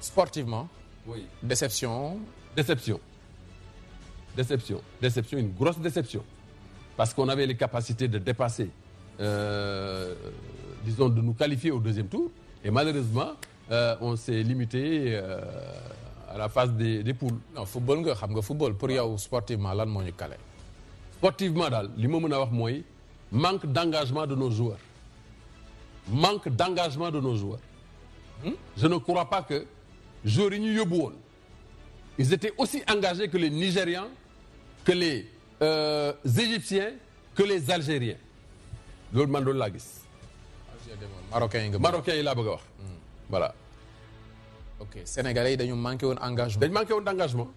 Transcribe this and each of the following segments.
sportivement. oui déception. déception déception déception une grosse déception parce qu'on avait les capacités de dépasser euh, disons de nous qualifier au deuxième tour et malheureusement euh, on s'est limité euh, à la phase des des poules. non football nga xam nga football pour yow sportivement lan moo ñu kale sportivement daal li ma mën a wax mooy manque d'engagement de nos joueurs manque d'engagement de nos joueurs. Hmm? je ne crois pas que. joueurs yi ñu yóbbu woon ils étaient aussi engagés que les Nigérians que les euh, Égyptiens que les Algériens loolu man loolu laa gis. Marocains yi nga Marocains yi laa bëgg a wax. Hmm. voilà. ok Sénégalais yi dañu manqué woon engagement. dañu manqué woon d'engagement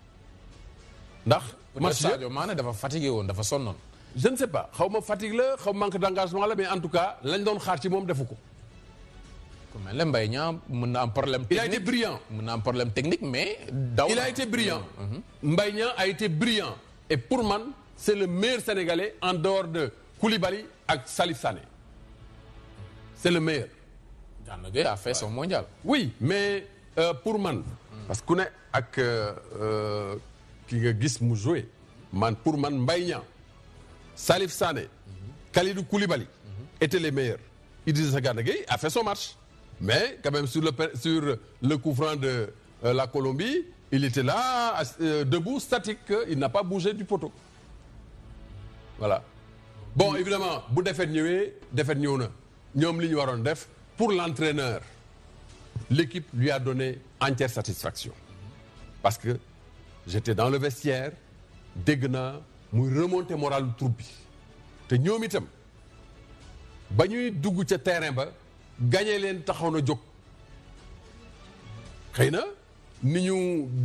ndax. match Sadio Mané dafa fatigué woon dafa sonnoon. je ne sais pas xaw ma fatigue la xaw manque d'engagement la mais en tout cas lañ doon xaar ci moom defu ko. ku mel ne Mbaye mën na am problème. il a été mën na am problème technique mais. daw il a été brillant. Mm-hmm. Mm-hmm. Mbaye a été brillant. et pour man c' est le maire sénégalais en dehors de Koulibaly ak Salif Sané c' le meilleur. Gana Gueye a fait son mondial. oui mais euh, pour man. parce que ku ne ak euh, euh, ki nga gis mu man pour man Mbaye Niang Salif Sané. Mm-hmm. Kalidou Koulibaly. étaient les meilleurs. Idrissa Gana Gueye a fait son match. Mais quand même, sur le, sur le coup franc de euh, la Colombie, il était là, euh, debout, statique, euh, il n'a pas bougé du poteau. Voilà. Bon, évidemment, vous défaites waroon def. Pour l'entraîneur, l'équipe lui a donné entière satisfaction. Parce que j'étais dans le vestiaire, dégna, muy remonté moral troupe bi. Te ñoom itam ba ñuy dugg ca terrain ba gañe leen taxaw na jóg xëy na ni ñu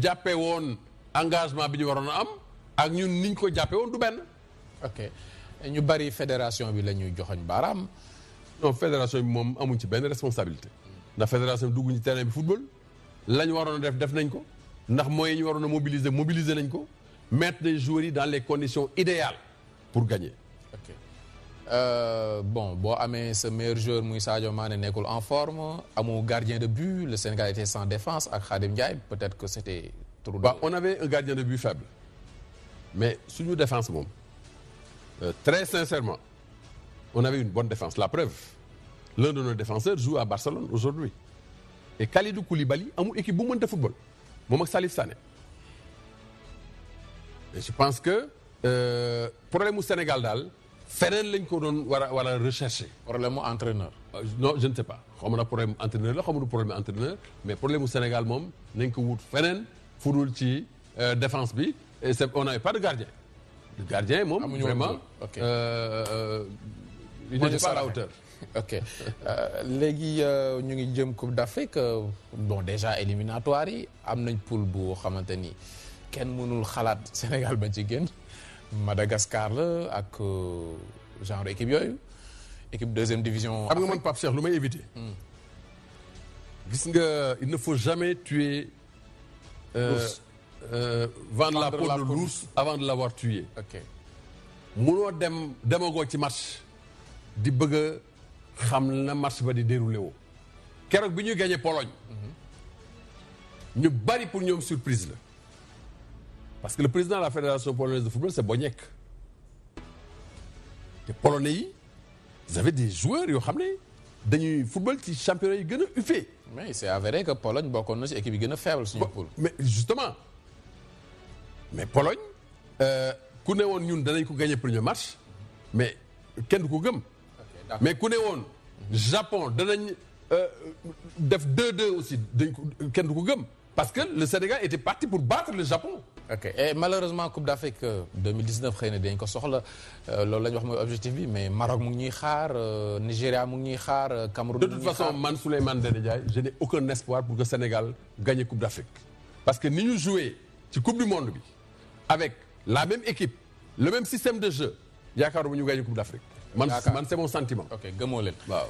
jàppe woon engagement bi ñu waroon a am ak ñun niñ ko jàppe woon du benn ok ñu bari fédération bi la ñuy joxoñ baaraam non fédération bi moom amuñ ci benn responsabilité ndax fédération bi dugguñ ci terrain bi football lañ waroon a def def nañ ko ndax mooy ñu waroon a mobiliser mobiliser nañ ko mettre les joueurs yi dans les conditions idéales pour gagner. Okay. Euh, bon boo amee sa meilleur joueur muy Sadio maane nekkul en forme amu gardien de but le Sénégal était sans défense ak Khadim Ndiaye peut-être que c'était trop. waaw on avait un gardien de but faible mais suñu défense moom euh, très sincèrement on avait une bonne défense la preuve l'un de nos défenseurs joue à Barcelone aujourd'hui et Kalidou Koulibaly amul équipe bu mënta football moom ak Salif Sané je pense que euh, problème mu Sénégal daal. feneen lañ ko doon war a war a rechercher. problème mu entraîneur. Euh, non je ne sais pas xaw ma na problème entraîneur la xaw ma problème entraîneur mais problème Sénégal moom nañ ko wut feneen fudul ci euh, défense bi et c'est on pas de gardien. le gardien moom vraiment ok euh, il n'est pas à la ñu ngi jëm Coupe d'Afrique bon déjà éliminatoire yi am nañ poule bu xamante ni kenn mënul xalaat Sénégal ba ci génn. Madagascar la ak euh, genre équipe yooyu équipe deuxième division. xam nga man Pape Cheikh lu may éviter. Hmm. gis nga il ne faut jamais tuer. Euh, euh, vendre la peau de l'ours avant de l'avoir tué. ok munoo dem demagoo ci match di bëgg a xam na match ba di déroulé woo keroog bi ñuy gagné Pologne. Mhm. ñu bari pour ñoom surprise la. parce que le président de la fédération polonaise de football c'est Boniek te polonais yi vous avez des joueurs yoo xam ne dañuy football ci championnat yi gën a ufee. mais c'est avéré que Pologne bokkoon na ci équipe yi gën a faible suñu poule. mais justement mais Pologne euh, ku ne woon ñun danañ ko gagner premier match mais kenn du ko gëm. mais ku ne woon Japon danañ euh, def 2-2 aussi dañ ko kenn du ko gëm. parce que le Sénégal était parti pour battre le Japon. ok et malheureusement Coupe d'Afrique euh, xëy na dañ ko soxla euh, loolu la ñu wax mooy objectif bi mais Maroc mu ngi ñuy xaar euh, Nigéria mu ngi ñuy xaar Cameroun. de toute façon man Souleymane Ndéné Ndiaye je n'ai aucun espoir pour que Sénégal gagne Coupe d'Afrique parce que ni ñu joué ci Coupe du Monde bi avec la même équipe le même système de yaakaar yaakaaruma ñu gagne Coupe d'Afrique. man man c'est mon sentiment. ok gëmoo leen waaw.